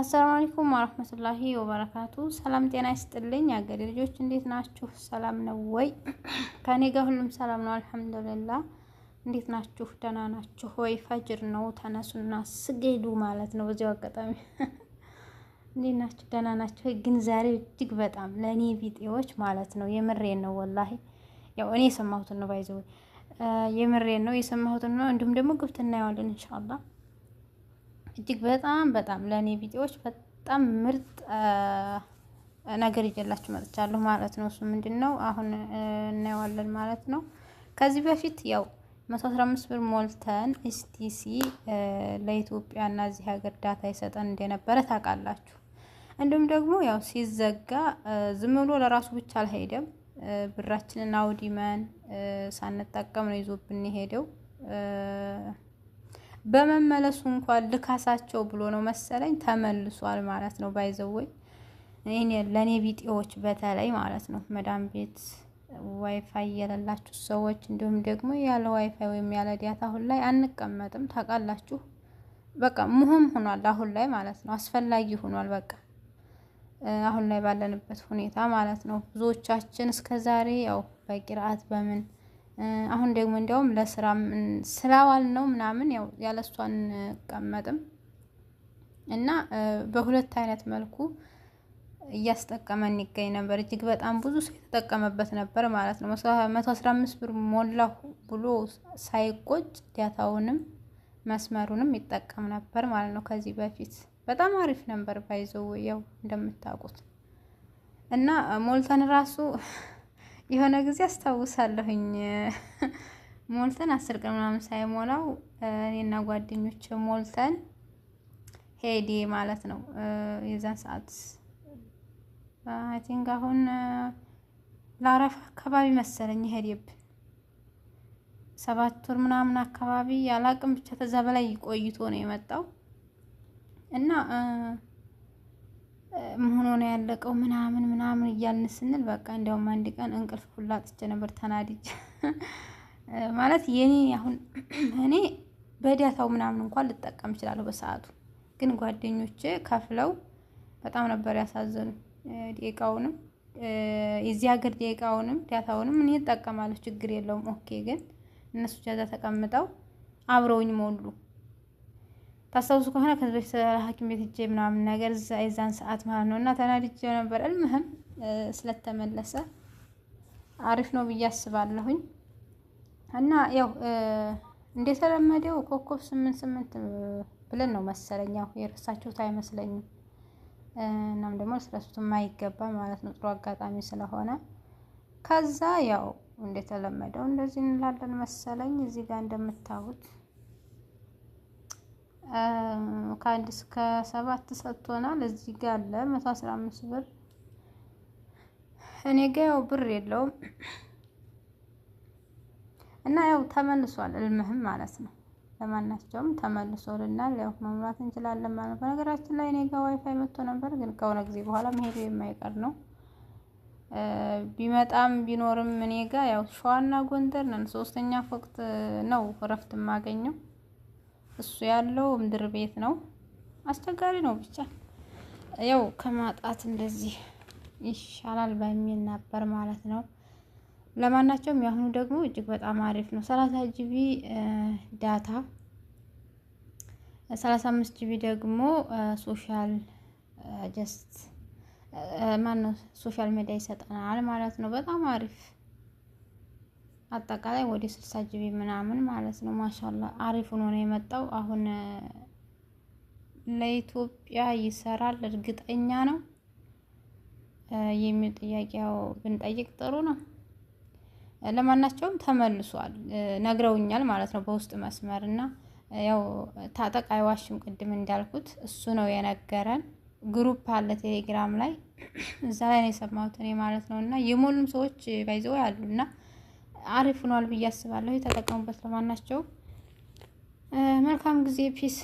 አሰላሙ አለይኩም ወራህመቱላሂ ወበረካቱ። ሰላም ጤና ይስጥልኝ አገሬ ልጆች እንዴት ናችሁ? ሰላም ነው ወይ? ከኔ ጋር ሁሉም ሰላም ነው አልሐምዱሊላህ። እንዴት ናችሁ? ደህና ናችሁ ወይ? ፈጅር ነው ተነሱና ስገዱ ማለት ነው። በዚያው አጋጣሚ እንዴት ናችሁ? ደህና ናችሁ ግን ዛሬ እጅግ በጣም ለእኔ ቢጤዎች ማለት ነው የምሬን ነው ወላሂ፣ ያው እኔ የሰማሁትን ነው ባይዘው የምሬን ነው የሰማሁትን ነው። እንዲሁም ደግሞ ግብት እናየዋለን ኢንሻአላህ እጅግ በጣም በጣም ለእኔ ቪዲዮዎች በጣም ምርጥ ነገር ይዤላችሁ መጥቻለሁ ማለት ነው። እሱ ምንድን ነው አሁን እናየዋለን ማለት ነው። ከዚህ በፊት ያው መቶ ብር ሞልተን ኤስቲሲ ለኢትዮጵያ እና እዚህ ሀገር ዳታ ይሰጠን እንደነበረ ታውቃላችሁ። እንዲሁም ደግሞ ያው ሲዘጋ ዝም ብሎ ለራሱ ብቻ አልሄደም። ብራችንን አውዲመን ሳንጠቀም ነው ይዞብን የሄደው። በመመለሱ እንኳን ልካሳቸው ብሎ ነው መሰለኝ ተመልሷል ማለት ነው። ባይዘወይ ለእኔ ቢጤዎች በተለይ ማለት ነው መዳም ቤት ዋይፋይ የሌላችሁ ሰዎች እንዲሁም ደግሞ ያለ ዋይፋይ ወይም ያለ ዳታ አሁን ላይ አንቀመጥም። ታውቃላችሁ፣ በቃ ሙሁም ሆኗል አሁን ላይ ማለት ነው። አስፈላጊ ሆኗል በቃ አሁን ላይ ባለንበት ሁኔታ ማለት ነው። ብዙዎቻችን እስከ ዛሬ ያው በቂርአት በምን አሁን ደግሞ እንዲያውም ለስራ ስላዋል ነው ምናምን ያው ያለሷ አንቀመጥም እና በሁለት አይነት መልኩ እያስጠቀመን ይገኝ ነበር። እጅግ በጣም ብዙ ሰው የተጠቀመበት ነበር ማለት ነው። መቶ አስራ አምስት ብር ሞላሁ ብሎ ሳይቆጭ ዳታውንም መስመሩንም ይጠቀም ነበር ማለት ነው። ከዚህ በፊት በጣም አሪፍ ነበር ባይዘው ያው እንደምታውቁት እና ሞልተን ራሱ የሆነ ጊዜ አስታውሳለሁኝ ሞልተን አስር ቀን ምናምን ሳይሞላው እኔና ጓደኞች ሞልተን ሄዴ ማለት ነው። የዛን ሰዓት አይ ቲንክ አሁን ለአረፋ አካባቢ መሰለኝ ሄዴብን ሰባት ወር ምናምን አካባቢ ያላቅም ብቻ ተዛ በላይ ቆይቶ ነው የመጣው እና መሆኖ ነው ያለቀው ምናምን ምናምን እያልን ስንል በቃ እንዲያውም አንድ ቀን እንቅልፍ ሁላ አጥቼ ነበር ተናድጄ። ማለት የኔ አሁን እኔ በዳታው ምናምን እንኳን ልጠቀም እችላለሁ በሰዓቱ ግን ጓደኞቼ ከፍለው በጣም ነበር ያሳዘኑ። ደቂቃውንም የዚህ ሀገር ደቂቃውንም ዳታውንም እኔ እጠቀማለሁ ችግር የለውም ኦኬ። ግን እነሱ ጃዛ ተቀምጠው አብረውኝ ሞሉ። ታስታውሱ ከሆነ ከዚህ በፊት ሐኪም ቤት ሂጄ ምናምን ነገር የዛን ሰዓት ማለት ነው እና ተናድጄ ነበር። እልምህም ስለተመለሰ አሪፍ ነው ብዬ አስባለሁኝ። እና ያው እንደተለመደው ኮከብ ስምንት ስምንት ብለን ነው መሰለኝ ያው የረሳችሁት አይመስለኝም። እናም ደግሞ ስለሱት የማይገባ ማለት ነው ጥሩ አጋጣሚ ስለሆነ ከዛ ያው እንደተለመደው እንደዚህ እንላለን መሰለኝ እዚህ ጋር እንደምታዩት ከአንድ እስከ ሰባት ሰጥቶናል። እዚህ ጋ አለ መቶ አስራ አምስት ብር እኔ ጋ ያው ብር የለውም እና ያው ተመልሷል። እልምህም ማለት ነው ለማናቸውም ተመልሶልናል። ያው መሙላት እንችላለን ማለት ነው። በነገራችን ላይ እኔ ጋ ዋይፋይ መጥቶ ነበር፣ ግን ከሆነ ጊዜ በኋላ መሄዱ የማይቀር ነው። ቢመጣም ቢኖርም እኔ ጋ ያው ሸዋና ጎንደር ነን። ሶስተኛ ፎቅት ነው እረፍት የማገኘው እሱ ያለው ምድር ቤት ነው። አስቸጋሪ ነው ብቻ ያው ከማጣት እንደዚህ ይሻላል በሚል ነበር ማለት ነው። ለማናቸውም የአሁኑ ደግሞ እጅግ በጣም አሪፍ ነው። ሰላሳ ጂቢ ዳታ፣ ሰላሳ አምስት ጂቢ ደግሞ ሶሻል ጀስት ማነው ሶሻል ሚዲያ ይሰጠናል ማለት ነው። በጣም አሪፍ አጠቃላይ ወደ ስልሳ ጂቢ ምናምን ማለት ነው። ማሻላ አሪፍ ሆኖ ነው የመጣው። አሁን ለኢትዮጵያ ይሰራል እርግጠኛ ነው የሚል ጥያቄው ብንጠይቅ ጥሩ ነው። ለማናቸውም ተመልሷል ነግረውኛል ማለት ነው በውስጥ መስመር እና ያው ታጠቅ አይዋሽም። ቅድም እንዳልኩት እሱ ነው የነገረን። ግሩፕ አለ ቴሌግራም ላይ እዛ ላይ ነው የሰማሁት እኔ ማለት ነው እና የሞሉም ሰዎች ባይዘው ያሉ እና አሪፍ ሆኗል ብዬ አስባለሁ። የተጠቀሙበት ለማናቸው መልካም ጊዜ ፒስ